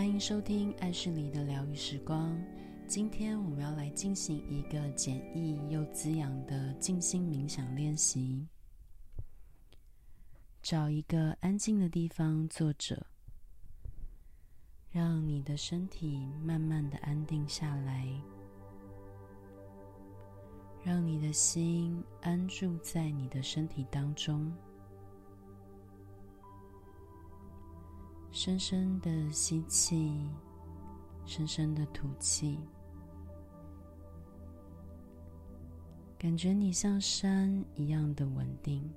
歡迎收聽愛旭黎的療癒時光。今天我們要來進行一個簡易又滋養的靜心冥想練習。找一個安靜的地方坐着，讓你的身體慢慢的安定下來，讓你的心安住在你的身體當中。深深的吸氣，深深的吐氣。感覺你像山一樣的穩定，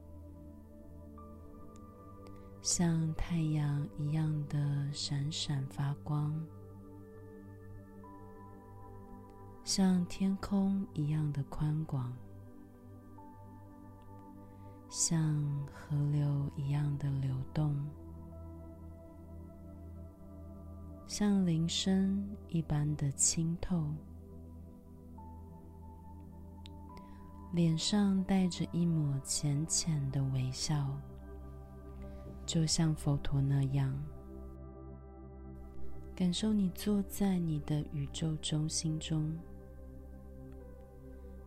像太陽一樣的閃閃發光，像天空一樣的寬廣，像河流一樣的流動。像鈴聲一般的清透，臉上帶着一抹淺淺的微笑，就像佛陀那樣。感受你坐在你的宇宙中心中，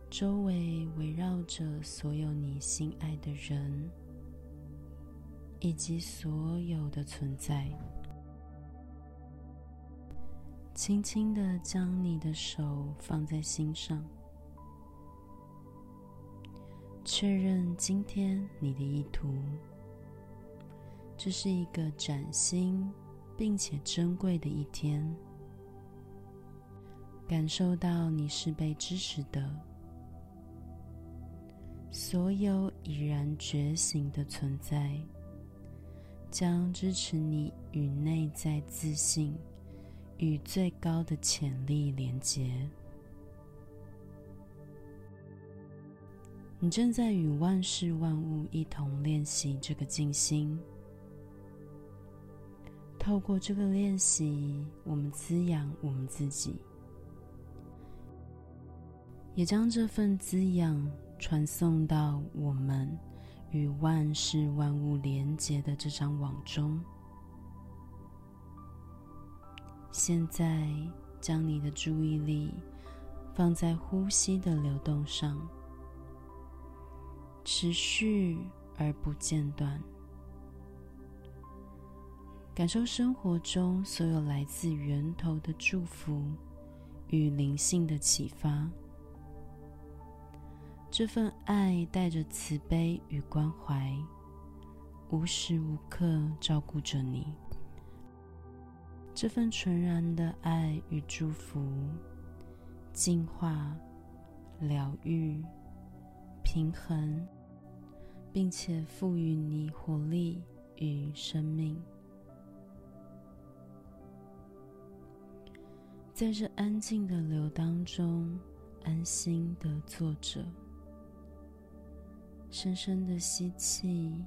周圍圍繞着所有你心愛的人，以及所有的存在。輕輕的將你的手放在心上，確認今天你的意圖。這是一個嶄新並且珍貴的一天。感受到你是被支持的，所有已然覺醒的存在將支持你與內在自信。與最高的潛力連接，你正在與萬事萬物一同練習這個靜心。透過這個練習，我們滋養我們自己，也將這份滋養傳送到我們與萬事萬物連接的這張網中。現在，將你的注意力放在呼吸的流動上，持續而不間斷。感受生活中所有來自源頭的祝福與靈性的啟發。這份愛帶着慈悲與關懷，無時無刻照顧着你。這份純然的愛與祝福，淨化、療癒、平衡，並且賦予你活力與生命。在這安靜的流當中，安心的坐着，深深的吸氣，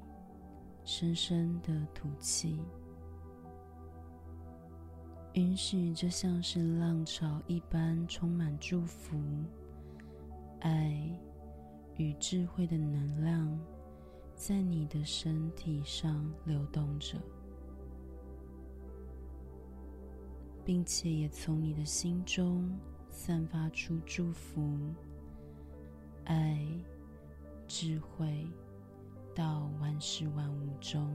深深的吐氣。允許這像是浪潮一般，充滿祝福、愛與智慧的能量，在你的身體上流動着，並且也從你的心中散發出祝福、愛、智慧到萬事萬物中。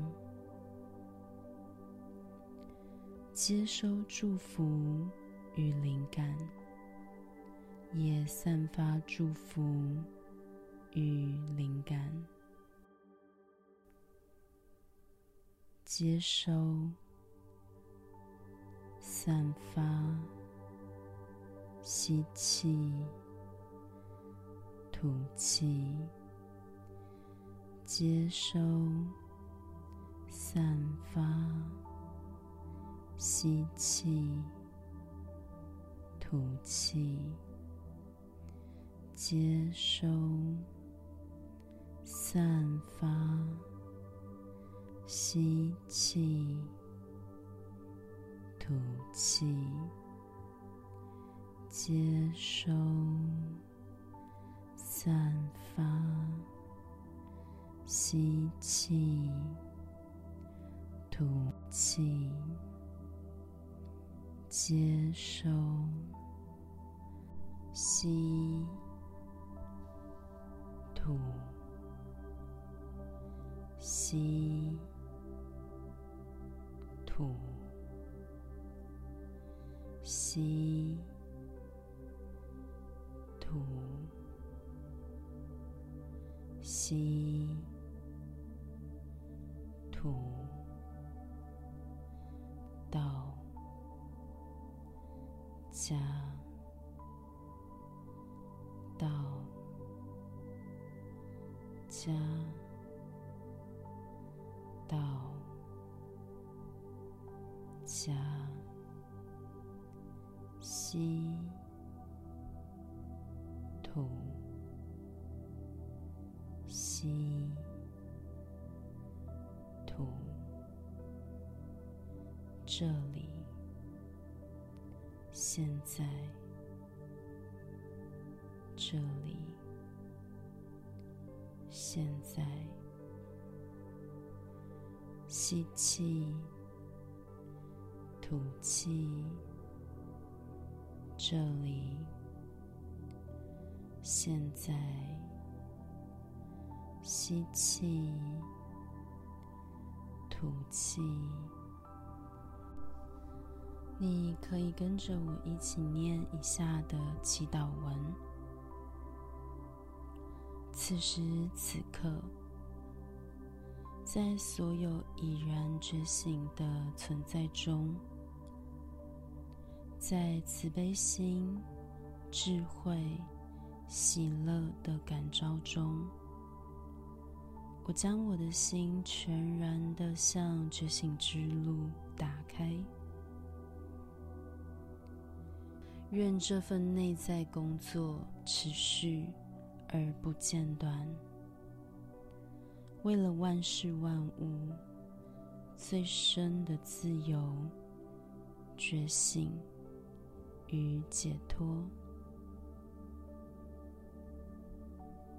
接收祝福與靈感，也散發祝福與靈感。接收、散發、吸氣、吐氣、接收、散發。吸氣，吐氣，接收，散發。吸氣，吐氣，接收，散發。吸氣，吐氣。接收，吸，吐，吸，吐，吸，吐，吸，吐，到。家，到家，到家，吸，吐，吸，吐，這裡。現在，這裡。現在，吸氣，吐氣。這裡，現在，吸氣，吐氣。你可以跟着我一起念以下的祈禱文。此時此刻，在所有已然覺醒的存在中，在慈悲心、智慧、喜樂的感召中，我將我的心全然的向覺醒之路打開。願這份內在工作持續而不間斷，為了萬事萬物最深的自由、覺醒與解脫。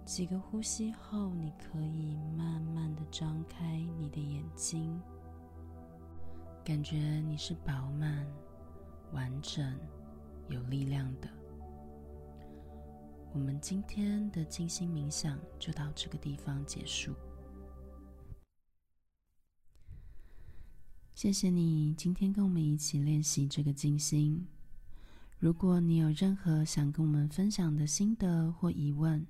幾個呼吸後，你可以慢慢的張開你的眼睛，感覺你是飽滿、完整。有力量的。我們今天的靜心冥想就到這個地方結束。謝謝你今天跟我們一起練習這個靜心。如果你有任何想跟我們分享的心得或疑問，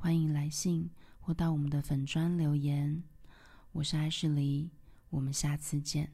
歡迎來信或到我們的粉專留言。我是愛旭黎，我們下次見。